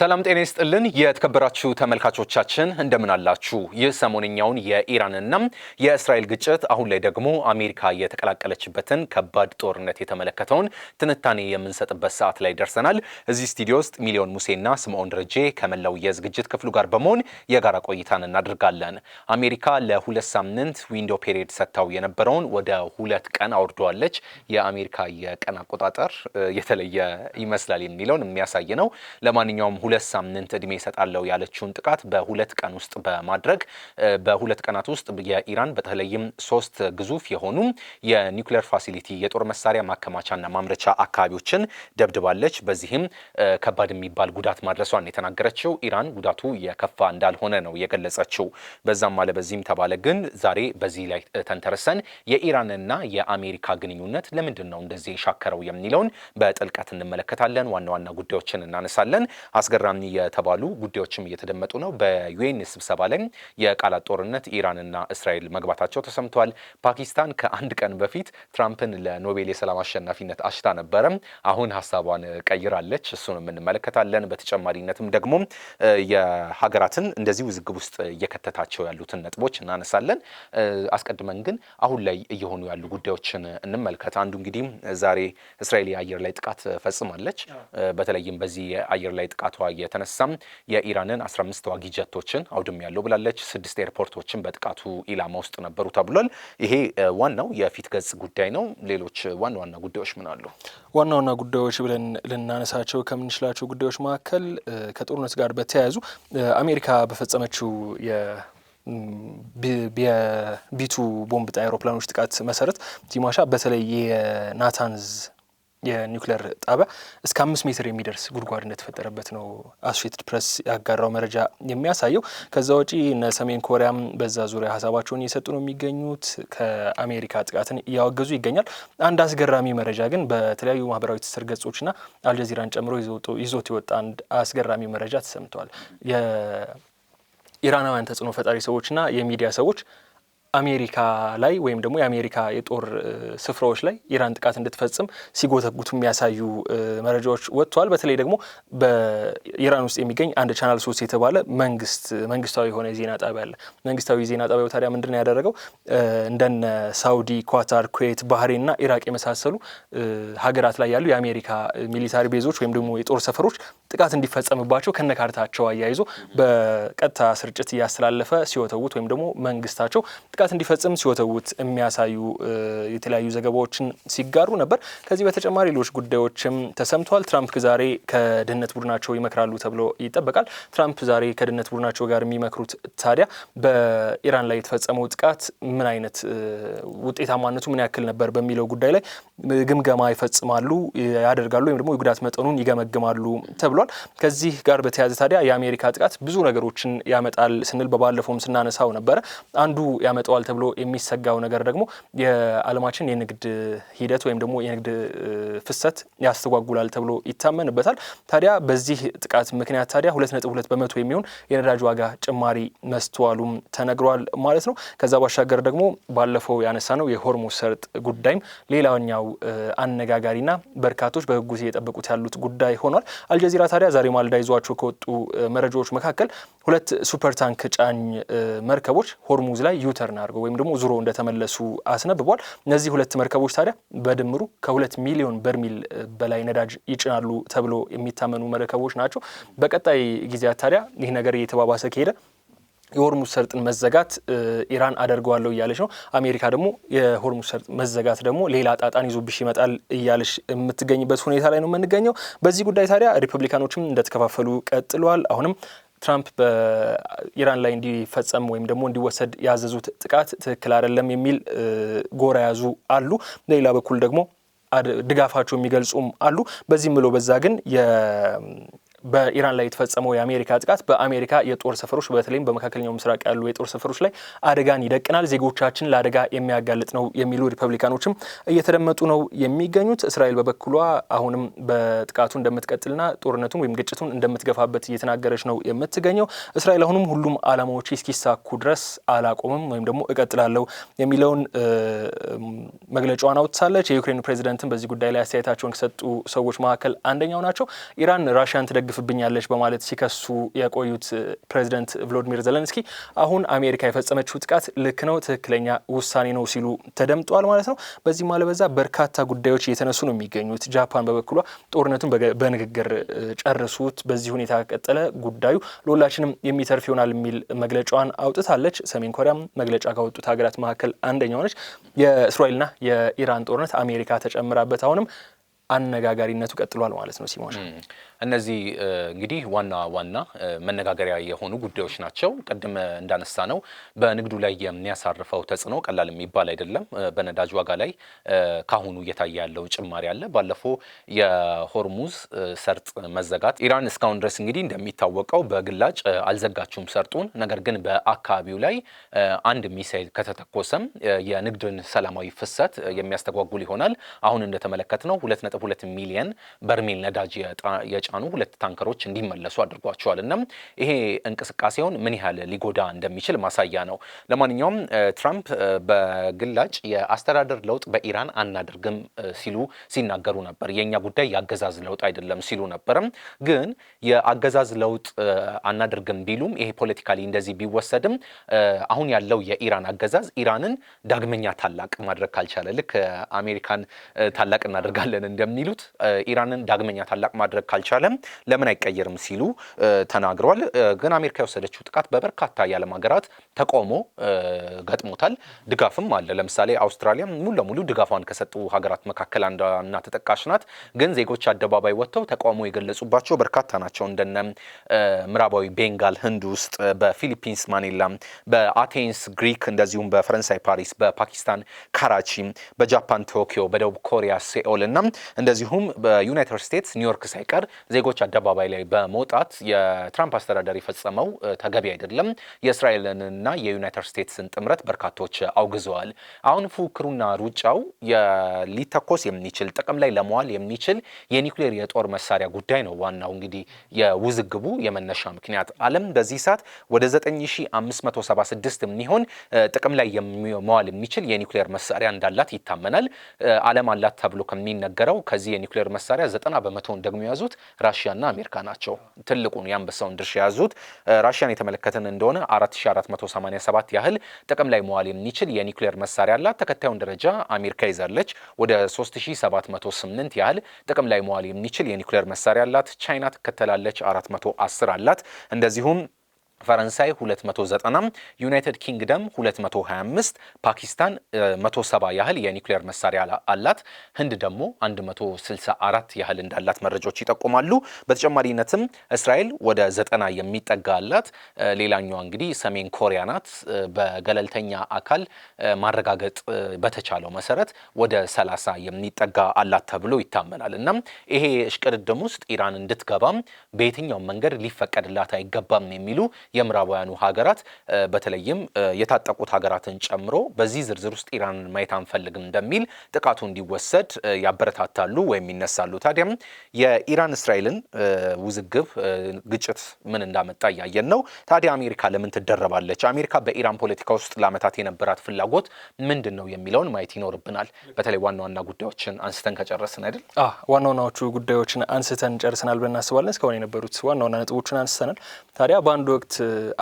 ሰላም ጤና ይስጥልን የተከበራችሁ ተመልካቾቻችን እንደምን አላችሁ? ይህ ሰሞንኛውን የኢራንና የእስራኤል ግጭት አሁን ላይ ደግሞ አሜሪካ የተቀላቀለችበትን ከባድ ጦርነት የተመለከተውን ትንታኔ የምንሰጥበት ሰዓት ላይ ደርሰናል። እዚህ ስቱዲዮ ውስጥ ሚሊዮን ሙሴና ስምዖን ድርጄ ከመላው የዝግጅት ክፍሉ ጋር በመሆን የጋራ ቆይታን እናደርጋለን። አሜሪካ ለሁለት ሳምንት ዊንዶ ፔሪድ ሰጥታው የነበረውን ወደ ሁለት ቀን አውርደዋለች። የአሜሪካ የቀን አቆጣጠር የተለየ ይመስላል የሚለውን የሚያሳይ ነው። ለማንኛውም ሁለት ሳምንት እድሜ ይሰጣለው ያለችውን ጥቃት በሁለት ቀን ውስጥ በማድረግ በሁለት ቀናት ውስጥ የኢራን በተለይም ሶስት ግዙፍ የሆኑ የኒውክሌር ፋሲሊቲ የጦር መሳሪያ ማከማቻና ማምረቻ አካባቢዎችን ደብድባለች። በዚህም ከባድ የሚባል ጉዳት ማድረሷን የተናገረችው ኢራን ጉዳቱ የከፋ እንዳልሆነ ነው የገለጸችው። በዛም አለ በዚህም ተባለ ግን ዛሬ በዚህ ላይ ተንተርሰን የኢራንና የአሜሪካ ግንኙነት ለምንድን ነው እንደዚህ የሻከረው የሚለውን በጥልቀት እንመለከታለን። ዋና ዋና ጉዳዮችን እናነሳለን። አስገራሚ የተባሉ ጉዳዮችም እየተደመጡ ነው። በዩኤን ስብሰባ ላይ የቃላት ጦርነት ኢራንና እስራኤል መግባታቸው ተሰምተዋል። ፓኪስታን ከአንድ ቀን በፊት ትራምፕን ለኖቤል የሰላም አሸናፊነት አሽታ ነበረ። አሁን ሀሳቧን ቀይራለች። እሱንም እንመለከታለን። በተጨማሪነትም ደግሞ የሀገራትን እንደዚህ ውዝግብ ውስጥ እየከተታቸው ያሉትን ነጥቦች እናነሳለን። አስቀድመን ግን አሁን ላይ እየሆኑ ያሉ ጉዳዮችን እንመልከት። አንዱ እንግዲህ ዛሬ እስራኤል የአየር ላይ ጥቃት ፈጽማለች። በተለይም በዚህ የአየር ላይ ጥቃቷ የተነሳም የኢራንን 15 ተዋጊ ጀቶችን አውድም ያለው ብላለች። ስድስት ኤርፖርቶችን በጥቃቱ ኢላማ ውስጥ ነበሩ ተብሏል። ይሄ ዋናው የፊት ገጽ ጉዳይ ነው። ሌሎች ዋና ዋና ጉዳዮች ምን አሉ? ዋና ዋና ጉዳዮች ብለን ልናነሳቸው ከምንችላቸው ጉዳዮች መካከል ከጦርነት ጋር በተያያዙ አሜሪካ በፈጸመችው የ የቢቱ ቦምብ ጣይ አውሮፕላኖች ጥቃት መሰረት ቲማሻ በተለይ የናታንዝ የኒውክሌር ጣቢያ እስከ አምስት ሜትር የሚደርስ ጉድጓድ እንደተፈጠረበት ነው አሶሼትድ ፕሬስ ያጋራው መረጃ የሚያሳየው። ከዛ ውጪ እነ ሰሜን ኮሪያም በዛ ዙሪያ ሀሳባቸውን እየሰጡ ነው የሚገኙት። ከአሜሪካ ጥቃትን እያወገዙ ይገኛል። አንድ አስገራሚ መረጃ ግን በተለያዩ ማህበራዊ ትስስር ገጾችና አልጀዚራን ጨምሮ ይዞት የወጣ አንድ አስገራሚ መረጃ ተሰምተዋል። የኢራናውያን ተጽዕኖ ፈጣሪ ሰዎችና የሚዲያ ሰዎች አሜሪካ ላይ ወይም ደግሞ የአሜሪካ የጦር ስፍራዎች ላይ ኢራን ጥቃት እንድትፈጽም ሲጎተጉቱ የሚያሳዩ መረጃዎች ወጥተዋል። በተለይ ደግሞ በኢራን ውስጥ የሚገኝ አንድ ቻናል ሶስት የተባለ መንግስት መንግስታዊ የሆነ ዜና ጣቢያ አለ። መንግስታዊ ዜና ጣቢያው ታዲያ ምንድን ነው ያደረገው? እንደነ ሳውዲ፣ ኳታር፣ ኩዌት፣ ባህሬንና ኢራቅ የመሳሰሉ ሀገራት ላይ ያሉ የአሜሪካ ሚሊታሪ ቤዞች ወይም ደግሞ የጦር ሰፈሮች ጥቃት እንዲፈጸምባቸው ከነካርታቸው አያይዞ በቀጥታ ስርጭት እያስተላለፈ ሲወተውት ወይም ደግሞ መንግስታቸው ጥቃት እንዲፈጽም ሲወተውት የሚያሳዩ የተለያዩ ዘገባዎችን ሲጋሩ ነበር። ከዚህ በተጨማሪ ሌሎች ጉዳዮችም ተሰምተዋል። ትራምፕ ዛሬ ከድህነት ቡድናቸው ይመክራሉ ተብሎ ይጠበቃል። ትራምፕ ዛሬ ከድህነት ቡድናቸው ጋር የሚመክሩት ታዲያ በኢራን ላይ የተፈጸመው ጥቃት ምን አይነት ውጤታማነቱ ምን ያክል ነበር በሚለው ጉዳይ ላይ ግምገማ ይፈጽማሉ ያደርጋሉ ወይም ደግሞ የጉዳት መጠኑን ይገመግማሉ ተብሎ ተብሏል። ከዚህ ጋር በተያያዘ ታዲያ የአሜሪካ ጥቃት ብዙ ነገሮችን ያመጣል ስንል በባለፈውም ስናነሳው ነበረ። አንዱ ያመጣዋል ተብሎ የሚሰጋው ነገር ደግሞ የዓለማችን የንግድ ሂደት ወይም ደግሞ የንግድ ፍሰት ያስተጓጉላል ተብሎ ይታመንበታል። ታዲያ በዚህ ጥቃት ምክንያት ታዲያ ሁለት ነጥብ ሁለት በመቶ የሚሆን የነዳጅ ዋጋ ጭማሪ መስተዋሉም ተነግሯል ማለት ነው። ከዛ ባሻገር ደግሞ ባለፈው ያነሳ ነው የሆርሙዝ ሰርጥ ጉዳይም ሌላኛው አነጋጋሪና በርካቶች በጉጉት እየጠበቁት ያሉት ጉዳይ ሆኗል። አልጀዚራ ታዲያ ዛሬ ማልዳ ይዟቸው ከወጡ መረጃዎች መካከል ሁለት ሱፐር ታንክ ጫኝ መርከቦች ሆርሙዝ ላይ ዩተርን አድርገው ወይም ደግሞ ዙሮ እንደተመለሱ አስነብቧል። እነዚህ ሁለት መርከቦች ታዲያ በድምሩ ከሁለት ሚሊዮን በርሚል በላይ ነዳጅ ይጭናሉ ተብሎ የሚታመኑ መርከቦች ናቸው። በቀጣይ ጊዜያት ታዲያ ይህ ነገር እየተባባሰ ከሄደ የሆርሙዝ ሰርጥን መዘጋት ኢራን አደርገዋለሁ እያለች ነው። አሜሪካ ደግሞ የሆርሙዝ ሰርጥ መዘጋት ደግሞ ሌላ ጣጣን ይዞብሽ ይመጣል እያለች የምትገኝበት ሁኔታ ላይ ነው የምንገኘው። በዚህ ጉዳይ ታዲያ ሪፐብሊካኖችም እንደተከፋፈሉ ቀጥለዋል። አሁንም ትራምፕ በኢራን ላይ እንዲፈጸም ወይም ደግሞ እንዲወሰድ ያዘዙት ጥቃት ትክክል አይደለም የሚል ጎራ ያዙ አሉ። በሌላ በኩል ደግሞ ድጋፋቸው የሚገልጹም አሉ። በዚህም ብሎ በዛ ግን በኢራን ላይ የተፈጸመው የአሜሪካ ጥቃት በአሜሪካ የጦር ሰፈሮች በተለይም በመካከለኛው ምስራቅ ያሉ የጦር ሰፈሮች ላይ አደጋን ይደቅናል፣ ዜጎቻችን ለአደጋ የሚያጋልጥ ነው የሚሉ ሪፐብሊካኖችም እየተደመጡ ነው የሚገኙት። እስራኤል በበኩሏ አሁንም በጥቃቱ እንደምትቀጥልና ጦርነቱን ወይም ግጭቱን እንደምትገፋበት እየተናገረች ነው የምትገኘው። እስራኤል አሁንም ሁሉም ዓላማዎች እስኪሳኩ ድረስ አላቆምም ወይም ደግሞ እቀጥላለሁ የሚለውን መግለጫዋን አውጥታለች። የዩክሬን ፕሬዚደንትን በዚህ ጉዳይ ላይ አስተያየታቸውን ከሰጡ ሰዎች መካከል አንደኛው ናቸው። ኢራን ራሽያን ትደግፍ ታሸንፍብኛለች በማለት ሲከሱ የቆዩት ፕሬዚደንት ቮሎዲሚር ዘለንስኪ አሁን አሜሪካ የፈጸመችው ጥቃት ልክ ነው፣ ትክክለኛ ውሳኔ ነው ሲሉ ተደምጠዋል ማለት ነው። በዚህም አለበዛ በርካታ ጉዳዮች እየተነሱ ነው የሚገኙት። ጃፓን በበኩሏ ጦርነቱን በንግግር ጨርሱት፣ በዚህ ሁኔታ ከቀጠለ ጉዳዩ ለሁላችንም የሚተርፍ ይሆናል የሚል መግለጫዋን አውጥታለች። ሰሜን ኮሪያም መግለጫ ካወጡት ሀገራት መካከል አንደኛው ነች። የእስራኤልና የኢራን ጦርነት አሜሪካ ተጨምራበት አሁንም አነጋጋሪነቱ ቀጥሏል ማለት ነው ሲሞሽ እነዚህ እንግዲህ ዋና ዋና መነጋገሪያ የሆኑ ጉዳዮች ናቸው። ቅድም እንዳነሳ ነው በንግዱ ላይ የሚያሳርፈው ተጽዕኖ ቀላል የሚባል አይደለም። በነዳጅ ዋጋ ላይ ካሁኑ እየታየ ያለው ጭማሪ አለ። ባለፈው የሆርሙዝ ሰርጥ መዘጋት ኢራን እስካሁን ድረስ እንግዲህ እንደሚታወቀው በግላጭ አልዘጋችውም ሰርጡን። ነገር ግን በአካባቢው ላይ አንድ ሚሳይል ከተተኮሰም የንግድን ሰላማዊ ፍሰት የሚያስተጓጉል ይሆናል። አሁን እንደተመለከትነው 2.2 ሚሊየን በርሜል ነዳጅ የተጫኑ ሁለት ታንከሮች እንዲመለሱ አድርጓቸዋል። እና ይሄ እንቅስቃሴውን ምን ያህል ሊጎዳ እንደሚችል ማሳያ ነው። ለማንኛውም ትራምፕ በግላጭ የአስተዳደር ለውጥ በኢራን አናደርግም ሲሉ ሲናገሩ ነበር። የእኛ ጉዳይ የአገዛዝ ለውጥ አይደለም ሲሉ ነበርም። ግን የአገዛዝ ለውጥ አናደርግም ቢሉም ይሄ ፖለቲካሊ እንደዚህ ቢወሰድም አሁን ያለው የኢራን አገዛዝ ኢራንን ዳግመኛ ታላቅ ማድረግ ካልቻለ ልክ አሜሪካን ታላቅ እናደርጋለን እንደሚሉት ኢራንን ዳግመኛ ታላቅ ማድረግ ካልቻለ አልቻለም፣ ለምን አይቀየርም ሲሉ ተናግረዋል። ግን አሜሪካ የወሰደችው ጥቃት በበርካታ የዓለም ሀገራት ተቃውሞ ገጥሞታል። ድጋፍም አለ። ለምሳሌ አውስትራሊያ ሙሉ ለሙሉ ድጋፏን ከሰጡ ሀገራት መካከል አንዷና ተጠቃሽ ናት። ግን ዜጎች አደባባይ ወጥተው ተቃውሞ የገለጹባቸው በርካታ ናቸው። እንደነ ምዕራባዊ ቤንጋል ህንድ ውስጥ፣ በፊሊፒንስ ማኒላ፣ በአቴንስ ግሪክ፣ እንደዚሁም በፈረንሳይ ፓሪስ፣ በፓኪስታን ካራቺ፣ በጃፓን ቶኪዮ፣ በደቡብ ኮሪያ ሴኦል እና እንደዚሁም በዩናይትድ ስቴትስ ኒውዮርክ ሳይቀር ዜጎች አደባባይ ላይ በመውጣት የትራምፕ አስተዳደር የፈጸመው ተገቢ አይደለም፣ የእስራኤልንና የዩናይትድ ስቴትስን ጥምረት በርካቶች አውግዘዋል። አሁን ፉክሩና ሩጫው ሊተኮስ የሚችል ጥቅም ላይ ለመዋል የሚችል የኒውክሌር የጦር መሳሪያ ጉዳይ ነው። ዋናው እንግዲህ የውዝግቡ የመነሻ ምክንያት ዓለም በዚህ ሰዓት ወደ 9576 የሚሆን ጥቅም ላይ መዋል የሚችል የኒውክሌር መሳሪያ እንዳላት ይታመናል። ዓለም አላት ተብሎ ከሚነገረው ከዚህ የኒውክሌር መሳሪያ 90 በመቶውን ደግሞ የያዙት ራሽያና አሜሪካ ናቸው ትልቁን የአንበሳውን ድርሻ የያዙት። ራሽያን የተመለከተን እንደሆነ 4487 ያህል ጥቅም ላይ መዋል የሚችል የኒውክሌር መሳሪያ አላት። ተከታዩን ደረጃ አሜሪካ ይዛለች። ወደ 3708 ያህል ጥቅም ላይ መዋል የሚችል የኒውክሌር መሳሪያ አላት። ቻይና ትከተላለች፣ 410 አላት። እንደዚሁም ፈረንሳይ 290፣ ዩናይትድ ኪንግደም 225፣ ፓኪስታን 170 ያህል የኒውክሌር መሳሪያ አላት። ህንድ ደግሞ 164 ያህል እንዳላት መረጃዎች ይጠቁማሉ። በተጨማሪነትም እስራኤል ወደ 90 የሚጠጋ አላት። ሌላኛዋ እንግዲህ ሰሜን ኮሪያ ናት። በገለልተኛ አካል ማረጋገጥ በተቻለው መሰረት ወደ 30 የሚጠጋ አላት ተብሎ ይታመናል። እና ይሄ እሽቅድድም ውስጥ ኢራን እንድትገባም በየትኛውም መንገድ ሊፈቀድላት አይገባም የሚሉ የምዕራባውያኑ ሀገራት በተለይም የታጠቁት ሀገራትን ጨምሮ በዚህ ዝርዝር ውስጥ ኢራን ማየት አንፈልግም እንደሚል ጥቃቱ እንዲወሰድ ያበረታታሉ ወይም ይነሳሉ። ታዲያም የኢራን እስራኤልን ውዝግብ ግጭት ምን እንዳመጣ እያየን ነው። ታዲያ አሜሪካ ለምን ትደረባለች? አሜሪካ በኢራን ፖለቲካ ውስጥ ለአመታት የነበራት ፍላጎት ምንድን ነው የሚለውን ማየት ይኖርብናል። በተለይ ዋና ዋና ጉዳዮችን አንስተን ከጨረስን አይደል? ዋና ዋናዎቹ ጉዳዮችን አንስተን ጨርሰናል ብለን እናስባለን። እስካሁን የነበሩት ዋና ዋና ነጥቦችን አንስተናል። ታዲያ በአንድ ወቅት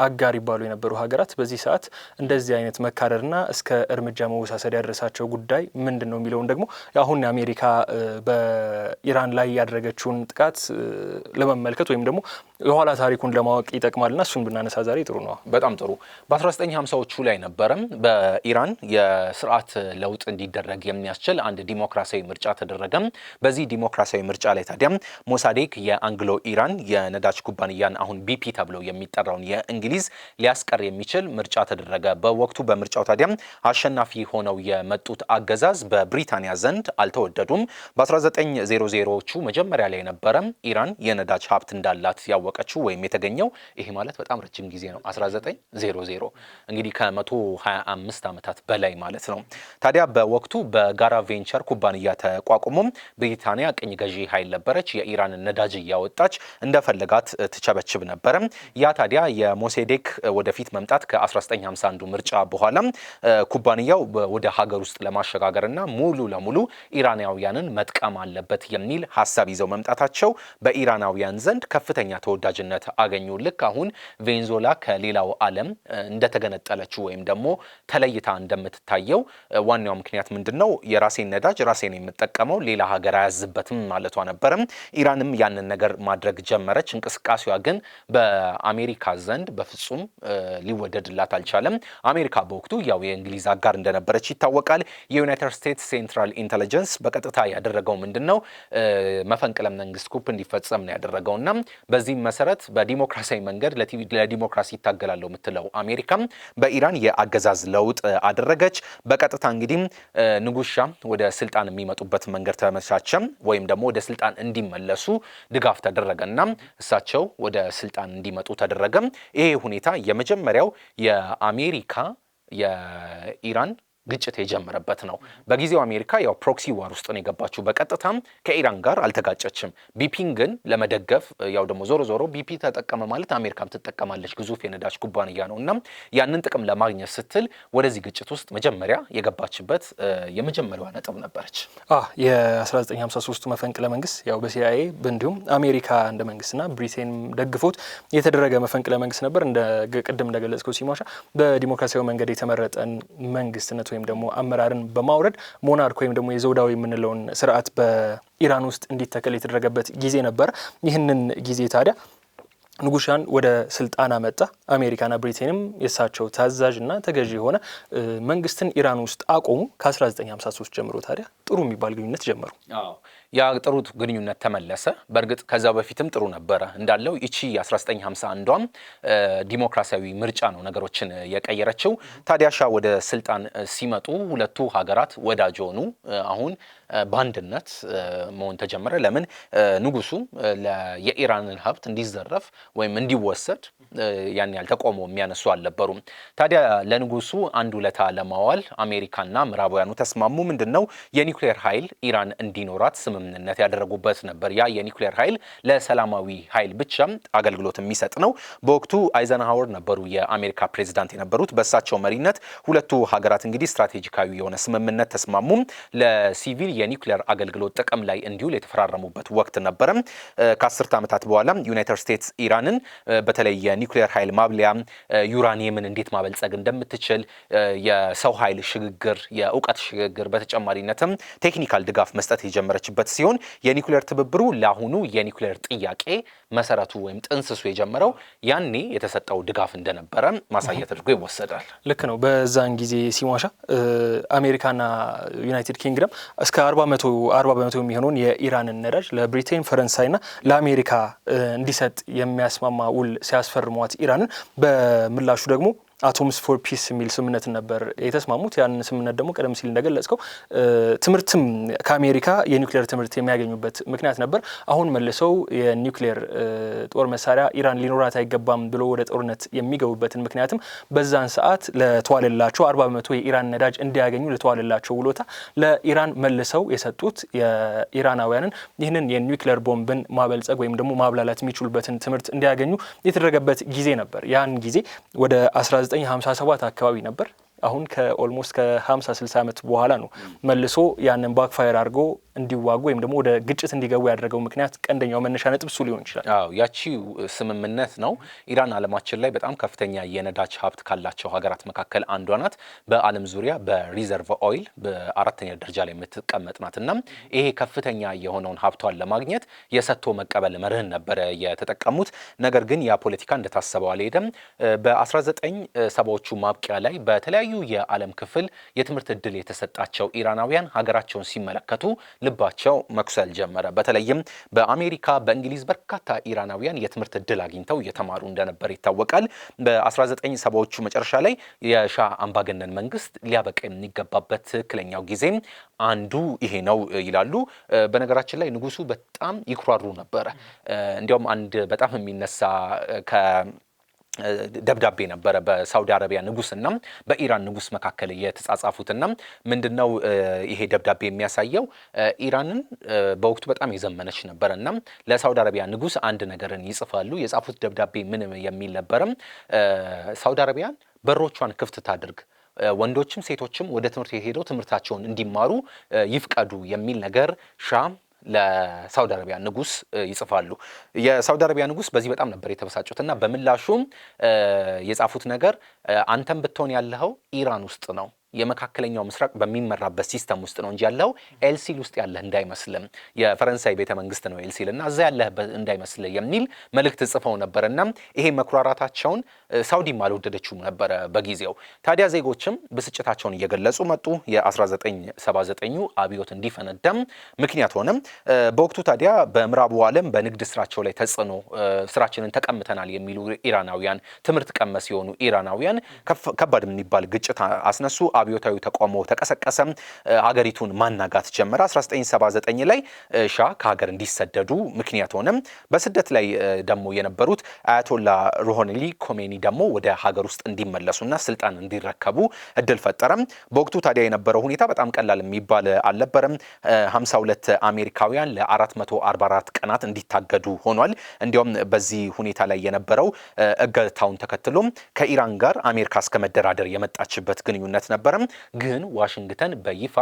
አጋር ይባሉ የነበሩ ሀገራት በዚህ ሰዓት እንደዚህ አይነት መካረርና እስከ እርምጃ መወሳሰድ ያደረሳቸው ጉዳይ ምንድን ነው የሚለውን ደግሞ አሁን አሜሪካ በኢራን ላይ ያደረገችውን ጥቃት ለመመልከት ወይም ደግሞ የኋላ ታሪኩን ለማወቅ ይጠቅማልና እሱን ብናነሳ ዛሬ ጥሩ ነው። በጣም ጥሩ። በ1950ዎቹ ላይ ነበረም በኢራን የስርዓት ለውጥ እንዲደረግ የሚያስችል አንድ ዲሞክራሲያዊ ምርጫ ተደረገም። በዚህ ዲሞክራሲያዊ ምርጫ ላይ ታዲያም ሞሳዴክ የአንግሎ ኢራን የነዳጅ ኩባንያን አሁን ቢፒ ተብሎ የሚጠራውን የእንግሊዝ ሊያስቀር የሚችል ምርጫ ተደረገ። በወቅቱ በምርጫው ታዲያም አሸናፊ ሆነው የመጡት አገዛዝ በብሪታንያ ዘንድ አልተወደዱም። በ1900ዎቹ መጀመሪያ ላይ ነበረም ኢራን የነዳጅ ሀብት እንዳላት ያወቀ ያወቀችው ወይም የተገኘው ይሄ ማለት በጣም ረጅም ጊዜ ነው 1900 እንግዲህ ከ125 ዓመታት በላይ ማለት ነው። ታዲያ በወቅቱ በጋራ ቬንቸር ኩባንያ ተቋቁሞም ብሪታንያ ቅኝ ገዢ ኃይል ነበረች። የኢራን ነዳጅ እያወጣች እንደፈለጋት ትቸበችብ ነበረ። ያ ታዲያ የሞሴዴክ ወደፊት መምጣት ከ1951 ምርጫ በኋላ ኩባንያው ወደ ሀገር ውስጥ ለማሸጋገርና ሙሉ ለሙሉ ኢራናውያንን መጥቀም አለበት የሚል ሀሳብ ይዘው መምጣታቸው በኢራናውያን ዘንድ ከፍተኛ ተወዳጅነት አገኙ። ልክ አሁን ቬንዙዌላ ከሌላው ዓለም እንደተገነጠለችው ወይም ደግሞ ተለይታ እንደምትታየው ዋናው ምክንያት ምንድን ነው? የራሴን ነዳጅ ራሴን የምጠቀመው ሌላ ሀገር አያዝበትም ማለቷ ነበርም። ኢራንም ያንን ነገር ማድረግ ጀመረች። እንቅስቃሴዋ ግን በአሜሪካ ዘንድ በፍጹም ሊወደድላት አልቻለም። አሜሪካ በወቅቱ ያው የእንግሊዝ አጋር እንደነበረች ይታወቃል። የዩናይትድ ስቴትስ ሴንትራል ኢንቴሊጀንስ በቀጥታ ያደረገው ምንድን ነው መፈንቅለ መንግስት ኩፕ እንዲፈጸም ነው ያደረገውና በዚህም መሰረት በዲሞክራሲያዊ መንገድ ለዲሞክራሲ ይታገላለሁ የምትለው አሜሪካም በኢራን የአገዛዝ ለውጥ አደረገች። በቀጥታ እንግዲህ ንጉስ ሻ ወደ ስልጣን የሚመጡበት መንገድ ተመቻቸ፣ ወይም ደግሞ ወደ ስልጣን እንዲመለሱ ድጋፍ ተደረገ እና እሳቸው ወደ ስልጣን እንዲመጡ ተደረገ። ይሄ ሁኔታ የመጀመሪያው የአሜሪካ የኢራን ግጭት የጀመረበት ነው። በጊዜው አሜሪካ ያው ፕሮክሲ ዋር ውስጥ ነው የገባችው። በቀጥታም ከኢራን ጋር አልተጋጨችም። ቢፒን ግን ለመደገፍ ያው ደግሞ ዞሮ ዞሮ ቢፒ ተጠቀመ ማለት አሜሪካም ትጠቀማለች፣ ግዙፍ የነዳጅ ኩባንያ ነው እና ያንን ጥቅም ለማግኘት ስትል ወደዚህ ግጭት ውስጥ መጀመሪያ የገባችበት የመጀመሪያዋ ነጥብ ነበረች። የ1953 መፈንቅለ መንግስት ያው በሲአይኤ እንዲሁም አሜሪካ እንደ መንግስትና ብሪቴን ደግፎት የተደረገ መፈንቅለ መንግስት ነበር። ቅድም እንደገለጽከው ሲሟሻ በዲሞክራሲያዊ መንገድ የተመረጠን መንግስትነት ወይም ደግሞ አመራርን በማውረድ ሞናርክ ወይም ደግሞ የዘውዳዊ የምንለውን ስርዓት በኢራን ውስጥ እንዲተከል የተደረገበት ጊዜ ነበር። ይህንን ጊዜ ታዲያ ንጉሻን ወደ ስልጣን አመጣ። አሜሪካና ብሪቴንም የእሳቸው ታዛዥና ተገዢ የሆነ መንግስትን ኢራን ውስጥ አቆሙ። ከ1953 ጀምሮ ታዲያ ጥሩ የሚባል ግንኙነት ጀመሩ። ያጥሩት ግንኙነት ተመለሰ። በእርግጥ ከዛ በፊትም ጥሩ ነበረ እንዳለው ይቺ 1951ዷም ዲሞክራሲያዊ ምርጫ ነው ነገሮችን የቀየረችው። ታዲያ ወደ ስልጣን ሲመጡ ሁለቱ ሀገራት ወዳጅ ሆኑ። አሁን በአንድነት መሆን ተጀመረ። ለምን ንጉሱ የኢራንን ሀብት እንዲዘረፍ ወይም እንዲወሰድ ያን ያህል ተቆሞ የሚያነሱ አልነበሩም። ታዲያ ለንጉሱ አንድ ውለታ ለማዋል አሜሪካና ምዕራባውያኑ ተስማሙ። ምንድን ነው የኒውክሌር ኃይል ኢራን እንዲኖራት ስምምነት ያደረጉበት ነበር። ያ የኒውክሌር ኃይል ለሰላማዊ ኃይል ብቻ አገልግሎት የሚሰጥ ነው። በወቅቱ አይዘንሃወር ነበሩ የአሜሪካ ፕሬዚዳንት የነበሩት። በእሳቸው መሪነት ሁለቱ ሀገራት እንግዲህ ስትራቴጂካዊ የሆነ ስምምነት ተስማሙም ለሲቪል የኒውክሌር አገልግሎት ጥቅም ላይ እንዲውል የተፈራረሙበት ወቅት ነበረም ከአስርት ዓመታት በኋላ ዩናይትድ ስቴትስ ኢራንን በተለይ የኒውክሌር ኃይል ማብለያ ዩራኒየምን እንዴት ማበልጸግ እንደምትችል የሰው ኃይል ሽግግር፣ የእውቀት ሽግግር በተጨማሪነትም ቴክኒካል ድጋፍ መስጠት የጀመረችበት ሲሆን የኒውክሌር ትብብሩ ለአሁኑ የኒውክሌር ጥያቄ መሰረቱ ወይም ጥንስሱ የጀመረው ያኔ የተሰጠው ድጋፍ እንደነበረ ማሳያ አድርጎ ይወሰዳል። ልክ ነው። በዛን ጊዜ ሲሟሻ አሜሪካና ዩናይትድ ኪንግደም እስከ አርባ አርባ በመቶ የሚሆነውን የኢራንን ነዳጅ ለብሪቴን ፈረንሳይና ለአሜሪካ እንዲሰጥ የሚያስማማ ውል ሲያስፈርሟት ኢራንን በምላሹ ደግሞ አቶምስ ፎር ፒስ የሚል ስምምነት ነበር የተስማሙት። ያን ስምምነት ደግሞ ቀደም ሲል እንደገለጽከው ትምህርትም ከአሜሪካ የኒውክሌር ትምህርት የሚያገኙበት ምክንያት ነበር። አሁን መልሰው የኒውክሌር ጦር መሳሪያ ኢራን ሊኖራት አይገባም ብሎ ወደ ጦርነት የሚገቡበትን ምክንያትም በዛን ሰዓት ለተዋለላቸው አርባ በመቶ የኢራን ነዳጅ እንዲያገኙ ለተዋለላቸው ውሎታ ለኢራን መልሰው የሰጡት የኢራናውያንን ይህንን የኒውክሌር ቦምብን ማበልጸግ ወይም ደግሞ ማብላላት የሚችሉበትን ትምህርት እንዲያገኙ የተደረገበት ጊዜ ነበር። ያን ጊዜ ወደ 1957 አካባቢ ነበር አሁን ከኦልሞስት ከሀምሳ ስልሳ ዓመት በኋላ ነው መልሶ ያንን ባክፋየር አድርጎ እንዲዋጉ ወይም ደግሞ ወደ ግጭት እንዲገቡ ያደረገው ምክንያት ቀንደኛው መነሻ ነጥብ እሱ ሊሆን ይችላል። አዎ ያቺ ስምምነት ነው። ኢራን አለማችን ላይ በጣም ከፍተኛ የነዳጅ ሀብት ካላቸው ሀገራት መካከል አንዷ ናት። በዓለም ዙሪያ በሪዘርቭ ኦይል በአራተኛ ደረጃ ላይ የምትቀመጥ ናት እና ይሄ ከፍተኛ የሆነውን ሀብቷን ለማግኘት የሰጥቶ መቀበል መርህን ነበረ የተጠቀሙት። ነገር ግን ያ ፖለቲካ እንደታሰበው አልሄደም። በ1970ዎቹ ማብቂያ ላይ በተለያዩ ከተለያዩ የዓለም ክፍል የትምህርት ዕድል የተሰጣቸው ኢራናውያን ሀገራቸውን ሲመለከቱ ልባቸው መኩሰል ጀመረ። በተለይም በአሜሪካ፣ በእንግሊዝ በርካታ ኢራናውያን የትምህርት ዕድል አግኝተው እየተማሩ እንደነበር ይታወቃል። በ1970ዎቹ መጨረሻ ላይ የሻ አምባገነን መንግስት ሊያበቃ የሚገባበት ትክክለኛው ጊዜም አንዱ ይሄ ነው ይላሉ። በነገራችን ላይ ንጉሱ በጣም ይኩራሩ ነበረ። እንዲያውም አንድ በጣም የሚነሳ ከ ደብዳቤ ነበረ በሳውዲ አረቢያ እና በኢራን ንጉስ መካከል የተጻጻፉትና ምንድነው ይሄ ደብዳቤ የሚያሳየው ኢራንን በወቅቱ በጣም የዘመነች እና ለሳውዲ አረቢያ ንጉስ አንድ ነገርን ይጽፋሉ። የጻፉት ደብዳቤ ምን የሚል ነበረም? ሳውዲ አረቢያን በሮቿን ክፍት ታድርግ ወንዶችም ሴቶችም ወደ ትምህርት ቤት ሄደው ትምህርታቸውን እንዲማሩ ይፍቀዱ የሚል ነገር ሻም? ለሳውዲ አረቢያ ንጉስ ይጽፋሉ። የሳውዲ አረቢያ ንጉስ በዚህ በጣም ነበር የተበሳጩት እና በምላሹም የጻፉት ነገር አንተም ብትሆን ያለኸው ኢራን ውስጥ ነው የመካከለኛው ምስራቅ በሚመራበት ሲስተም ውስጥ ነው እንጂ ያለው ኤልሲል ውስጥ ያለህ እንዳይመስልም የፈረንሳይ ቤተ መንግስት ነው ኤልሲል እና እዛ ያለህበት እንዳይመስል የሚል መልእክት ጽፈው ነበር እና ይሄ መኩራራታቸውን ሳውዲም አልወደደችውም ነበረ በጊዜው። ታዲያ ዜጎችም ብስጭታቸውን እየገለጹ መጡ። 1979 አብዮት እንዲፈነዳም ምክንያት ሆነም። በወቅቱ ታዲያ በምዕራቡ ዓለም በንግድ ስራቸው ላይ ተጽዕኖ ስራችንን ተቀምተናል የሚሉ ኢራናውያን፣ ትምህርት ቀመስ የሆኑ ኢራናውያን ከባድ የሚባል ግጭት አስነሱ። አብዮታዊ ተቃውሞ ተቀሰቀሰ፣ ሀገሪቱን ማናጋት ጀመረ። 1979 ላይ ሻ ከሀገር እንዲሰደዱ ምክንያት ሆነ። በስደት ላይ ደግሞ የነበሩት አያቶላ ሮሆንሊ ኮሜኒ ደግሞ ወደ ሀገር ውስጥ እንዲመለሱና ስልጣን እንዲረከቡ እድል ፈጠረም። በወቅቱ ታዲያ የነበረው ሁኔታ በጣም ቀላል የሚባል አልነበረም። 52 አሜሪካውያን ለ444 ቀናት እንዲታገዱ ሆኗል። እንዲያውም በዚህ ሁኔታ ላይ የነበረው እገታውን ተከትሎም ከኢራን ጋር አሜሪካ እስከ መደራደር የመጣችበት ግንኙነት ነበረ። ቢጀመርም ግን ዋሽንግተን በይፋ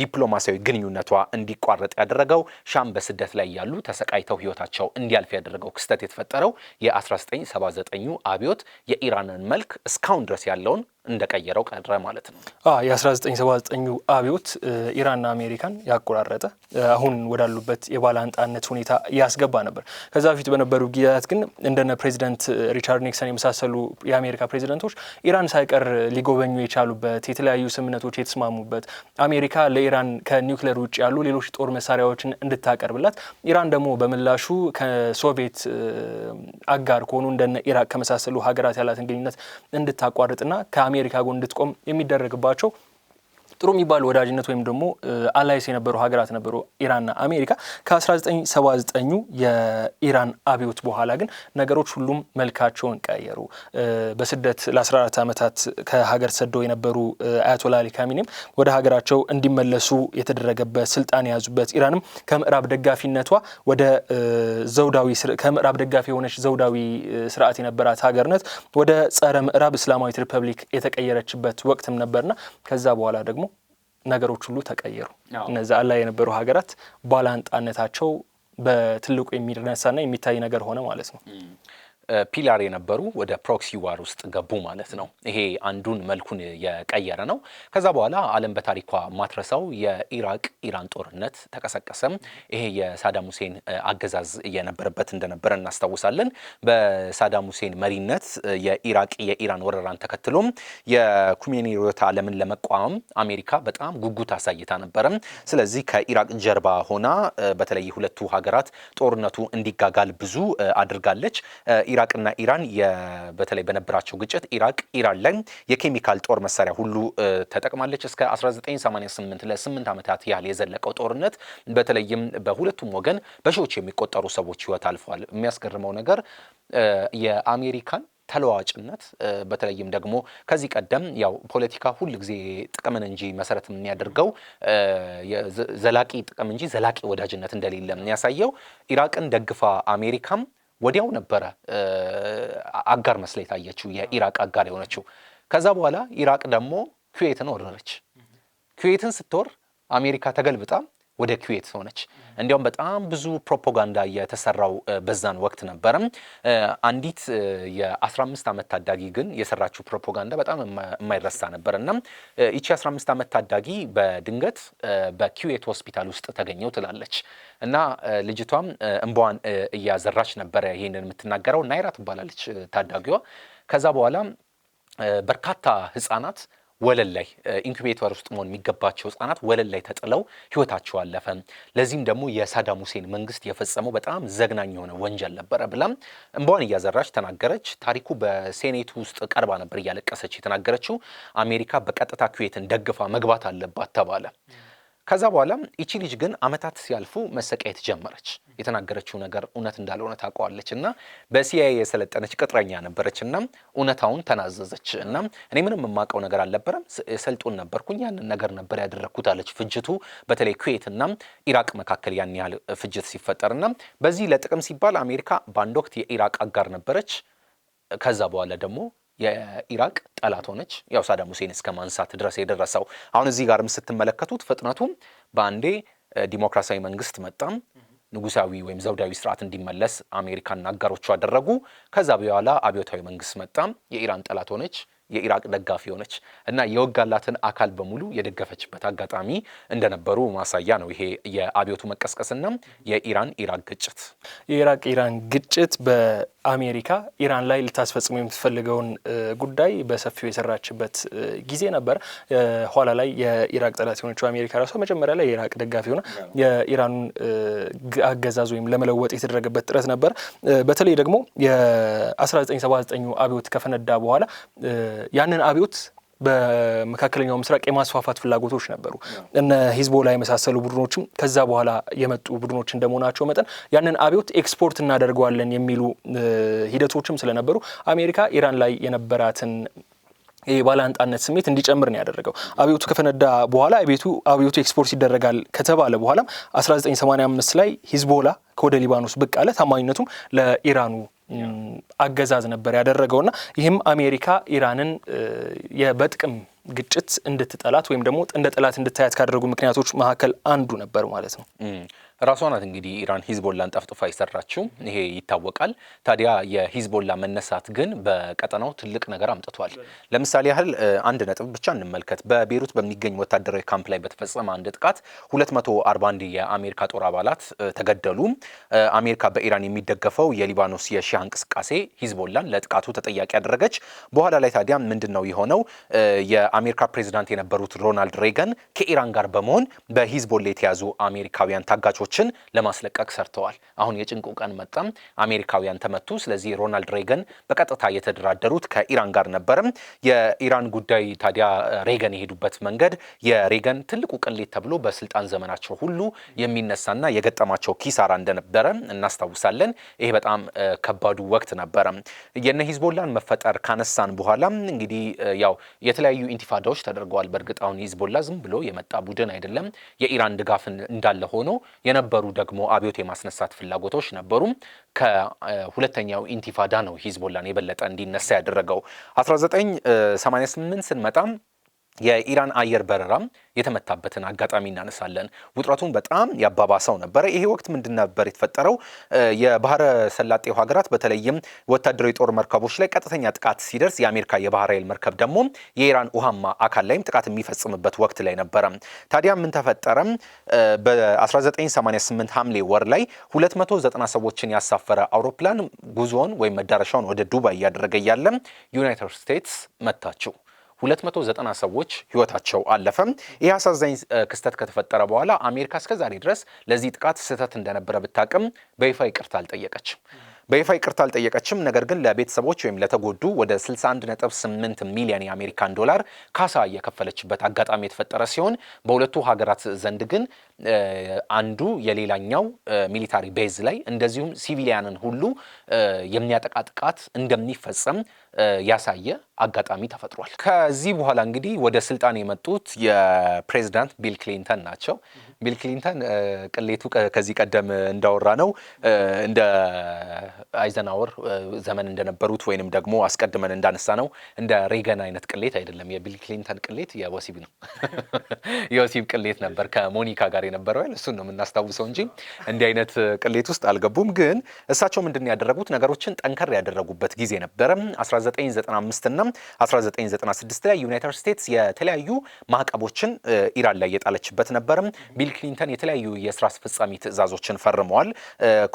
ዲፕሎማሲያዊ ግንኙነቷ እንዲቋረጥ ያደረገው ሻም በስደት ላይ ያሉ ተሰቃይተው ህይወታቸው እንዲያልፍ ያደረገው ክስተት የተፈጠረው የ1979 አብዮት የኢራንን መልክ እስካሁን ድረስ ያለውን እንደቀየረው ቀረ ማለት ነው። የ1979 አብዮት ኢራንና አሜሪካን ያቆራረጠ አሁን ወዳሉበት የባላንጣነት ሁኔታ ያስገባ ነበር። ከዛ በፊት በነበሩ ጊዜያት ግን እንደነ ፕሬዚደንት ሪቻርድ ኒክሰን የመሳሰሉ የአሜሪካ ፕሬዚደንቶች ኢራን ሳይቀር ሊጎበኙ የቻሉበት የተለያዩ ስምምነቶች የተስማሙበት፣ አሜሪካ ለኢራን ከኒውክሌር ውጭ ያሉ ሌሎች ጦር መሳሪያዎችን እንድታቀርብላት፣ ኢራን ደግሞ በምላሹ ከሶቪየት አጋር ከሆኑ እንደነ ኢራቅ ከመሳሰሉ ሀገራት ያላትን ግንኙነት እንድታቋርጥና ከአሜሪካ ጎን እንድትቆም የሚደረግባቸው ጥሩ የሚባል ወዳጅነት ወይም ደግሞ አላይስ የነበሩ ሀገራት ነበሩ ኢራንና አሜሪካ። ከ1979ኙ የኢራን አብዮት በኋላ ግን ነገሮች ሁሉም መልካቸውን ቀየሩ። በስደት ለ14 ዓመታት ከሀገር ተሰደው የነበሩ አያቶላ አሊ ካሚኒም ወደ ሀገራቸው እንዲመለሱ የተደረገበት ስልጣን የያዙበት ኢራንም ከምዕራብ ደጋፊነቷ ወደ ዘውዳዊ ከምዕራብ ደጋፊ የሆነች ዘውዳዊ ስርዓት የነበራት ሀገርነት ወደ ጸረ ምዕራብ እስላማዊት ሪፐብሊክ የተቀየረችበት ወቅትም ነበርና ከዛ በኋላ ደግሞ ነገሮች ሁሉ ተቀየሩ። እነዚያ ላይ የነበሩ ሀገራት ባላንጣነታቸው በትልቁ የሚነሳና የሚታይ ነገር ሆነ ማለት ነው። ፒላር የነበሩ ወደ ፕሮክሲ ዋር ውስጥ ገቡ ማለት ነው። ይሄ አንዱን መልኩን የቀየረ ነው። ከዛ በኋላ ዓለም በታሪኳ ማትረሳው የኢራቅ ኢራን ጦርነት ተቀሰቀሰም። ይሄ የሳዳም ሁሴን አገዛዝ የነበረበት እንደነበረ እናስታውሳለን። በሳዳም ሁሴን መሪነት የኢራቅ የኢራን ወረራን ተከትሎም የኩሜኒ ርዕዮተ ዓለምን ለመቋቋም አሜሪካ በጣም ጉጉት አሳይታ ነበረም ስለዚህ ከኢራቅ ጀርባ ሆና በተለይ ሁለቱ ሀገራት ጦርነቱ እንዲጋጋል ብዙ አድርጋለች። ኢራቅና ኢራን በተለይ በነበራቸው ግጭት ኢራቅ ኢራን ላይ የኬሚካል ጦር መሳሪያ ሁሉ ተጠቅማለች። እስከ 1988 ለ8 ዓመታት ያህል የዘለቀው ጦርነት በተለይም በሁለቱም ወገን በሺዎች የሚቆጠሩ ሰዎች ህይወት አልፏል የሚያስገርመው ነገር የአሜሪካን ተለዋዋጭነት በተለይም ደግሞ ከዚህ ቀደም ያው ፖለቲካ ሁል ጊዜ ጥቅምን እንጂ መሰረት የሚያደርገው ዘላቂ ጥቅም እንጂ ዘላቂ ወዳጅነት እንደሌለ ያሳየው ኢራቅን ደግፋ አሜሪካም ወዲያው ነበረ አጋር መስላ የታየችው የኢራቅ አጋር የሆነችው። ከዛ በኋላ ኢራቅ ደግሞ ኩዌትን ወረረች። ኩዌትን ስትወር አሜሪካ ተገልብጣ ወደ ኩዌት ሆነች። እንዲያውም በጣም ብዙ ፕሮፓጋንዳ የተሰራው በዛን ወቅት ነበረም። አንዲት የ15 ዓመት ታዳጊ ግን የሰራችው ፕሮፓጋንዳ በጣም የማይረሳ ነበር እና ይቺ 15 ዓመት ታዳጊ በድንገት በኩዌት ሆስፒታል ውስጥ ተገኘው ትላለች እና ልጅቷም እንባዋን እያዘራች ነበረ ይህንን የምትናገረው። ናይራ ትባላለች ታዳጊዋ። ከዛ በኋላ በርካታ ህጻናት ወለል ላይ ኢንኩቤተር ውስጥ መሆን የሚገባቸው ህጻናት ወለል ላይ ተጥለው ህይወታቸው አለፈ። ለዚህም ደግሞ የሳዳም ሁሴን መንግስት የፈጸመው በጣም ዘግናኝ የሆነ ወንጀል ነበረ ብላም እንባዋን እያዘራች ተናገረች። ታሪኩ በሴኔቱ ውስጥ ቀርባ ነበር እያለቀሰች የተናገረችው። አሜሪካ በቀጥታ ኩዌትን ደግፋ መግባት አለባት ተባለ። ከዛ በኋላ ይቺ ልጅ ግን አመታት ሲያልፉ መሰቃየት ጀመረች። የተናገረችው ነገር እውነት እንዳልሆነ ታውቀዋለች እና በሲአይኤ የሰለጠነች ቅጥረኛ ነበረች እና እውነታውን ተናዘዘች እና እኔ ምንም የማውቀው ነገር አልነበረም፣ ሰልጡን ነበርኩኝ፣ ያንን ነገር ነበር ያደረግኩት አለች። ፍጅቱ በተለይ ኩዌት እና ኢራቅ መካከል ያን ያህል ፍጅት ሲፈጠር እና በዚህ ለጥቅም ሲባል አሜሪካ በአንድ ወቅት የኢራቅ አጋር ነበረች። ከዛ በኋላ ደግሞ የኢራቅ ጠላት ሆነች። ያው ሳዳም ሁሴን እስከ ማንሳት ድረስ የደረሰው አሁን እዚህ ጋርም ስትመለከቱት ፍጥነቱም በአንዴ ዲሞክራሲያዊ መንግስት መጣም ንጉሳዊ ወይም ዘውዳዊ ስርዓት እንዲመለስ አሜሪካና አጋሮቹ አደረጉ። ከዛ በኋላ አብዮታዊ መንግስት መጣም የኢራን ጠላት ሆነች። የኢራቅ ደጋፊ የሆነች እና የወጋላትን አካል በሙሉ የደገፈችበት አጋጣሚ እንደነበሩ ማሳያ ነው። ይሄ የአብዮቱ መቀስቀስና የኢራን ኢራቅ ግጭት የኢራቅ ኢራን ግጭት በአሜሪካ ኢራን ላይ ልታስፈጽሙ የምትፈልገውን ጉዳይ በሰፊው የሰራችበት ጊዜ ነበር። ኋላ ላይ የኢራቅ ጠላት የሆነችው አሜሪካ ራሷ መጀመሪያ ላይ የኢራቅ ደጋፊ ሆነ የኢራኑን አገዛዝ ወይም ለመለወጥ የተደረገበት ጥረት ነበር። በተለይ ደግሞ የ1979 አብዮት ከፈነዳ በኋላ ያንን አብዮት በመካከለኛው ምስራቅ የማስፋፋት ፍላጎቶች ነበሩ። እነ ሂዝቦላ የመሳሰሉ ቡድኖችም ከዛ በኋላ የመጡ ቡድኖች እንደመሆናቸው መጠን ያንን አብዮት ኤክስፖርት እናደርገዋለን የሚሉ ሂደቶችም ስለነበሩ አሜሪካ ኢራን ላይ የነበራትን የባላንጣነት ስሜት እንዲጨምር ነው ያደረገው። አብዮቱ ከፈነዳ በኋላ ቤቱ አብዮቱ ኤክስፖርት ይደረጋል ከተባለ በኋላም 1985 ላይ ሂዝቦላ ከወደ ሊባኖስ ብቅ አለ። ታማኝነቱም ለኢራኑ አገዛዝ ነበር ያደረገው እና ይህም አሜሪካ ኢራንን በጥቅም ግጭት እንድትጠላት ወይም ደግሞ እንደ ጠላት እንድታያት ካደረጉ ምክንያቶች መካከል አንዱ ነበር ማለት ነው። ራሷ ናት እንግዲህ ኢራን ሂዝቦላን ጠፍጥፋ የሰራችው፣ ይሄ ይታወቃል። ታዲያ የሂዝቦላ መነሳት ግን በቀጠናው ትልቅ ነገር አምጥቷል። ለምሳሌ ያህል አንድ ነጥብ ብቻ እንመልከት። በቤሩት በሚገኝ ወታደራዊ ካምፕ ላይ በተፈጸመ አንድ ጥቃት 241 የአሜሪካ ጦር አባላት ተገደሉ። አሜሪካ በኢራን የሚደገፈው የሊባኖስ የሺያ እንቅስቃሴ ሂዝቦላን ለጥቃቱ ተጠያቂ ያደረገች። በኋላ ላይ ታዲያ ምንድን ነው የሆነው? የአሜሪካ ፕሬዚዳንት የነበሩት ሮናልድ ሬገን ከኢራን ጋር በመሆን በሂዝቦላ የተያዙ አሜሪካውያን ታጋቾች ግዛቶችን ለማስለቀቅ ሰርተዋል። አሁን የጭንቁ ቀን መጣም፣ አሜሪካውያን ተመቱ። ስለዚህ ሮናልድ ሬገን በቀጥታ የተደራደሩት ከኢራን ጋር ነበርም። የኢራን ጉዳይ ታዲያ ሬገን የሄዱበት መንገድ የሬገን ትልቁ ቅሌት ተብሎ በስልጣን ዘመናቸው ሁሉ የሚነሳና የገጠማቸው ኪሳራ እንደነበረ እናስታውሳለን። ይሄ በጣም ከባዱ ወቅት ነበረ። የነ ሂዝቦላን መፈጠር ካነሳን በኋላ እንግዲህ ያው የተለያዩ ኢንቲፋዳዎች ተደርገዋል። በእርግጥ አሁን ሂዝቦላ ዝም ብሎ የመጣ ቡድን አይደለም። የኢራን ድጋፍ እንዳለ ሆኖ የነበሩ ደግሞ አብዮት የማስነሳት ፍላጎቶች ነበሩ። ከሁለተኛው ኢንቲፋዳ ነው ሂዝቦላን የበለጠ እንዲነሳ ያደረገው 1988 ስንመጣም የኢራን አየር በረራም የተመታበትን አጋጣሚ እናነሳለን። ውጥረቱን በጣም ያባባሰው ነበረ። ይሄ ወቅት ምንድን ነበር የተፈጠረው? የባህረ ሰላጤው ሀገራት በተለይም ወታደራዊ ጦር መርከቦች ላይ ቀጥተኛ ጥቃት ሲደርስ የአሜሪካ የባህር ኃይል መርከብ ደግሞ የኢራን ውሃማ አካል ላይም ጥቃት የሚፈጽምበት ወቅት ላይ ነበረ። ታዲያ ምን ተፈጠረም? በ1988 ሐምሌ ወር ላይ 290 ሰዎችን ያሳፈረ አውሮፕላን ጉዞውን ወይም መዳረሻውን ወደ ዱባይ እያደረገ እያለ ዩናይትድ ስቴትስ መታችው። 290 ሰዎች ህይወታቸው አለፈ። ይህ አሳዛኝ ክስተት ከተፈጠረ በኋላ አሜሪካ እስከዛሬ ድረስ ለዚህ ጥቃት ስህተት እንደነበረ ብታቅም በይፋ ይቅርታ አልጠየቀችም በይፋ ይቅርታ አልጠየቀችም። ነገር ግን ለቤተሰቦች ወይም ለተጎዱ ወደ 61.8 ሚሊዮን የአሜሪካን ዶላር ካሳ እየከፈለችበት አጋጣሚ የተፈጠረ ሲሆን በሁለቱ ሀገራት ዘንድ ግን አንዱ የሌላኛው ሚሊታሪ ቤዝ ላይ እንደዚሁም ሲቪሊያንን ሁሉ የሚያጠቃ ጥቃት እንደሚፈጸም ያሳየ አጋጣሚ ተፈጥሯል። ከዚህ በኋላ እንግዲህ ወደ ስልጣን የመጡት የፕሬዚዳንት ቢል ክሊንተን ናቸው። ቢል ክሊንተን ቅሌቱ ከዚህ ቀደም እንዳወራ ነው እንደ አይዘናወር ዘመን እንደነበሩት ወይንም ደግሞ አስቀድመን እንዳነሳ ነው እንደ ሬገን አይነት ቅሌት አይደለም። የቢል ክሊንተን ቅሌት የወሲብ ነው፣ የወሲብ ቅሌት ነበር ከሞኒካ ጋር የነበረው ያል እሱን ነው የምናስታውሰው እንጂ እንዲህ አይነት ቅሌት ውስጥ አልገቡም። ግን እሳቸው ምንድን ያደረጉት ነገሮችን ጠንከር ያደረጉበት ጊዜ ነበረ 1995 ና 1996 ላይ ዩናይትድ ስቴትስ የተለያዩ ማዕቀቦችን ኢራን ላይ የጣለችበት ነበር። ቢል ክሊንተን የተለያዩ የስራ አስፈጻሚ ትዕዛዞችን ፈርመዋል።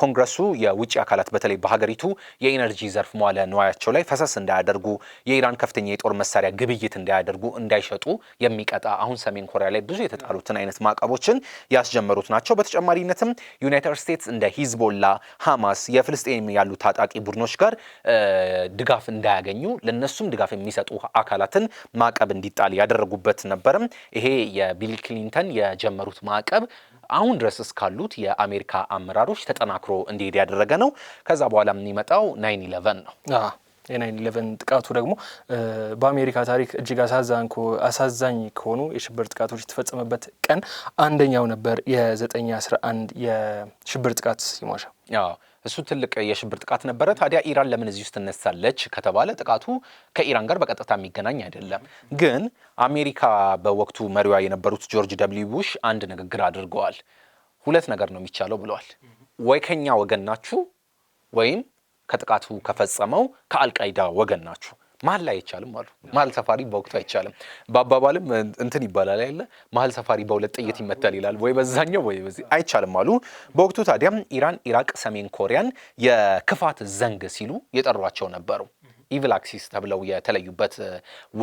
ኮንግረሱ የውጭ አካላት በተለይ በሀገሪቱ የኢነርጂ ዘርፍ መዋለ ንዋያቸው ላይ ፈሰስ እንዳያደርጉ፣ የኢራን ከፍተኛ የጦር መሳሪያ ግብይት እንዳያደርጉ፣ እንዳይሸጡ የሚቀጣ አሁን ሰሜን ኮሪያ ላይ ብዙ የተጣሉትን አይነት ማዕቀቦችን ያስጀመሩት ናቸው። በተጨማሪነትም ዩናይትድ ስቴትስ እንደ ሂዝቦላ፣ ሃማስ የፍልስጤም ያሉ ታጣቂ ቡድኖች ጋር ድጋፍ እንዳያ እንዳያገኙ ለነሱም ድጋፍ የሚሰጡ አካላትን ማዕቀብ እንዲጣል ያደረጉበት ነበርም። ይሄ የቢል ክሊንተን የጀመሩት ማዕቀብ አሁን ድረስ እስካሉት የአሜሪካ አመራሮች ተጠናክሮ እንዲሄድ ያደረገ ነው። ከዛ በኋላ የሚመጣው ናይን ኢለቨን ነው። የናይን ኢለቨን ጥቃቱ ደግሞ በአሜሪካ ታሪክ እጅግ አሳዛኝ ከሆኑ የሽብር ጥቃቶች የተፈጸመበት ቀን አንደኛው ነበር። የ911 የሽብር ጥቃት ሲሟሻ እሱ ትልቅ የሽብር ጥቃት ነበረ። ታዲያ ኢራን ለምን እዚህ ውስጥ ትነሳለች ከተባለ ጥቃቱ ከኢራን ጋር በቀጥታ የሚገናኝ አይደለም። ግን አሜሪካ በወቅቱ መሪዋ የነበሩት ጆርጅ ደብልዩ ቡሽ አንድ ንግግር አድርገዋል። ሁለት ነገር ነው የሚቻለው ብለዋል። ወይ ከኛ ወገን ናችሁ ወይም ከጥቃቱ ከፈጸመው ከአልቃይዳ ወገን ናችሁ። መሀል ላይ አይቻልም አሉ። መሀል ሰፋሪ በወቅቱ አይቻልም። በአባባልም እንትን ይባላል ያለ መሀል ሰፋሪ በሁለት ጥይት ይመታል ይላል፣ ወይ በዛኛው ወይ በዚህ አይቻልም አሉ። በወቅቱ ታዲያም ኢራን፣ ኢራቅ፣ ሰሜን ኮሪያን የክፋት ዘንግ ሲሉ የጠሯቸው ነበሩ። ኢቪል አክሲስ ተብለው የተለዩበት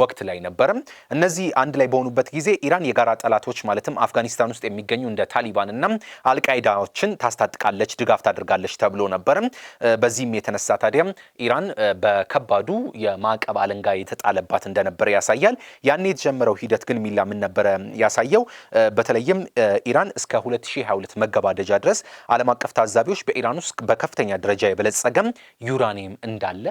ወቅት ላይ ነበርም። እነዚህ አንድ ላይ በሆኑበት ጊዜ ኢራን የጋራ ጠላቶች ማለትም አፍጋኒስታን ውስጥ የሚገኙ እንደ ታሊባንና አልቃይዳዎችን ታስታጥቃለች፣ ድጋፍ ታደርጋለች ተብሎ ነበርም። በዚህም የተነሳ ታዲያም ኢራን በከባዱ የማዕቀብ አለንጋ የተጣለባት እንደነበረ ያሳያል። ያኔ የተጀመረው ሂደት ግን ሚላ ምን ነበረ ያሳየው? በተለይም ኢራን እስከ 2022 መገባደጃ ድረስ ዓለም አቀፍ ታዛቢዎች በኢራን ውስጥ በከፍተኛ ደረጃ የበለጸገም ዩራኒየም እንዳለ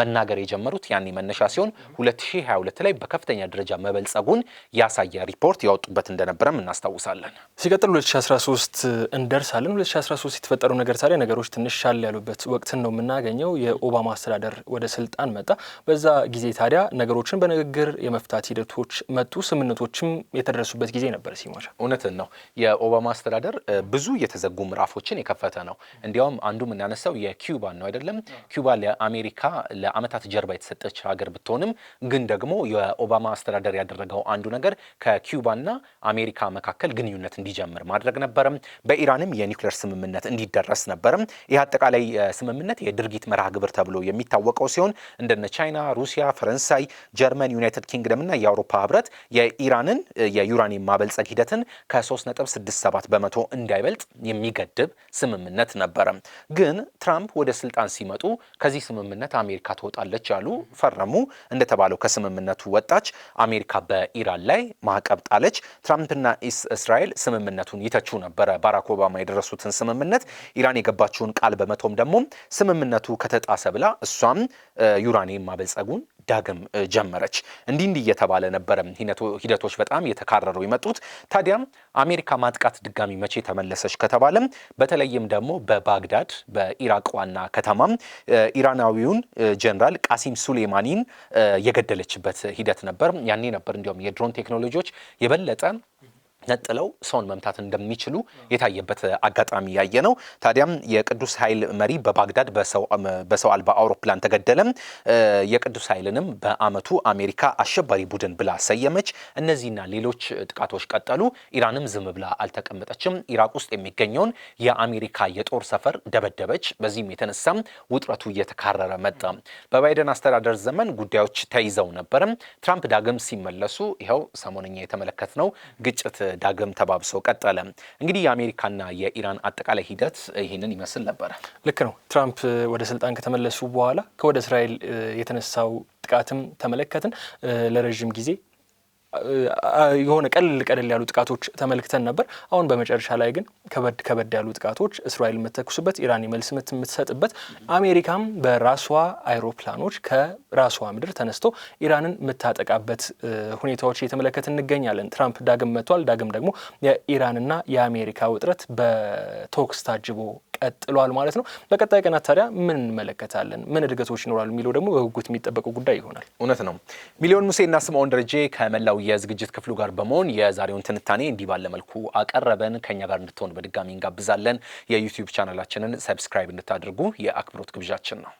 መናገር የጀመሩት ያኔ መነሻ ሲሆን 2022 ላይ በከፍተኛ ደረጃ መበልጸጉን ያሳየ ሪፖርት ያወጡበት እንደነበረም እናስታውሳለን። ሲቀጥል 2013 እንደርሳለን። 2013 የተፈጠረው ነገር ታዲያ ነገሮች ትንሽ ሻል ያሉበት ወቅትን ነው የምናገኘው። የኦባማ አስተዳደር ወደ ስልጣን መጣ። በዛ ጊዜ ታዲያ ነገሮችን በንግግር የመፍታት ሂደቶች መጡ። ስምምነቶችም የተደረሱበት ጊዜ ነበር። ሲማሻ እውነትን ነው። የኦባማ አስተዳደር ብዙ የተዘጉ ምዕራፎችን የከፈተ ነው። እንዲያውም አንዱ የምናነሳው የኪውባን ነው አይደለም። ኪውባ ለአሜሪካ ለዓመታት ጀርባ የተሰጠች ሀገር ብትሆንም ግን ደግሞ የኦባማ አስተዳደር ያደረገው አንዱ ነገር ከኪውባና አሜሪካ መካከል ግንኙነት እንዲጀምር ማድረግ ነበረም። በኢራንም የኒውክሌር ስምምነት እንዲደረስ ነበርም። ይህ አጠቃላይ ስምምነት የድርጊት መርሃ ግብር ተብሎ የሚታወቀው ሲሆን እንደነ ቻይና፣ ሩሲያ፣ ፈረንሳይ፣ ጀርመን፣ ዩናይትድ ኪንግደም እና የአውሮፓ ህብረት የኢራንን የዩራኒየም ማበልጸግ ሂደትን ከ3.67 በመቶ እንዳይበልጥ የሚገድብ ስምምነት ነበረ። ግን ትራምፕ ወደ ስልጣን ሲመጡ ከዚህ ስምምነት አሜሪካ አሜሪካ ትወጣለች ያሉ ፈረሙ። እንደተባለው ከስምምነቱ ወጣች። አሜሪካ በኢራን ላይ ማዕቀብ ጣለች። ትራምፕና እስራኤል ስምምነቱን ይተቹ ነበረ፣ ባራክ ኦባማ የደረሱትን ስምምነት። ኢራን የገባችውን ቃል በመቶም ደግሞ ስምምነቱ ከተጣሰ ብላ እሷም ዩራኒየም ማበልጸጉን ዳግም ጀመረች። እንዲህ እንዲህ እየተባለ ነበረ ሂደቶች በጣም እየተካረሩ የመጡት። ታዲያም አሜሪካ ማጥቃት ድጋሚ መቼ ተመለሰች ከተባለም በተለይም ደግሞ በባግዳድ በኢራቅ ዋና ከተማም ኢራናዊውን ጀነራል ቃሲም ሱሌማኒን የገደለችበት ሂደት ነበር። ያኔ ነበር እንዲሁም የድሮን ቴክኖሎጂዎች የበለጠ ነጥለው ሰውን መምታት እንደሚችሉ የታየበት አጋጣሚ ያየ ነው። ታዲያም የቅዱስ ኃይል መሪ በባግዳድ በሰው አልባ አውሮፕላን ተገደለም። የቅዱስ ኃይልንም በአመቱ አሜሪካ አሸባሪ ቡድን ብላ ሰየመች። እነዚህና ሌሎች ጥቃቶች ቀጠሉ። ኢራንም ዝም ብላ አልተቀመጠችም። ኢራቅ ውስጥ የሚገኘውን የአሜሪካ የጦር ሰፈር ደበደበች። በዚህም የተነሳም ውጥረቱ እየተካረረ መጣ። በባይደን አስተዳደር ዘመን ጉዳዮች ተይዘው ነበርም። ትራምፕ ዳግም ሲመለሱ ይኸው ሰሞንኛ ነው ግጭት ዳግም ተባብሶ ቀጠለ። እንግዲህ የአሜሪካና የኢራን አጠቃላይ ሂደት ይህንን ይመስል ነበረ። ልክ ነው። ትራምፕ ወደ ስልጣን ከተመለሱ በኋላ ከወደ እስራኤል የተነሳው ጥቃትም ተመለከትን ለረዥም ጊዜ የሆነ ቀልል ቀልል ያሉ ጥቃቶች ተመልክተን ነበር። አሁን በመጨረሻ ላይ ግን ከበድ ከበድ ያሉ ጥቃቶች እስራኤል የምትተኩስበት፣ ኢራን የመልስ ምት የምትሰጥበት፣ አሜሪካም በራሷ አይሮፕላኖች ከራሷ ምድር ተነስቶ ኢራንን የምታጠቃበት ሁኔታዎች እየተመለከት እንገኛለን። ትራምፕ ዳግም መጥቷል። ዳግም ደግሞ የኢራንና የአሜሪካ ውጥረት በቶክስ ታጅቦ ቀጥሏል ማለት ነው። በቀጣይ ቀናት ታዲያ ምን እንመለከታለን? ምን እድገቶች ይኖራሉ የሚለው ደግሞ በጉጉት የሚጠበቀው ጉዳይ ይሆናል። እውነት ነው። ሚሊዮን ሙሴና ስምዖን ደረጀ ከመላው የዝግጅት ክፍሉ ጋር በመሆን የዛሬውን ትንታኔ እንዲህ ባለ መልኩ አቀረበን። ከኛ ጋር እንድትሆን በድጋሚ እንጋብዛለን። የዩቲዩብ ቻናላችንን ሰብስክራይብ እንድታደርጉ የአክብሮት ግብዣችን ነው።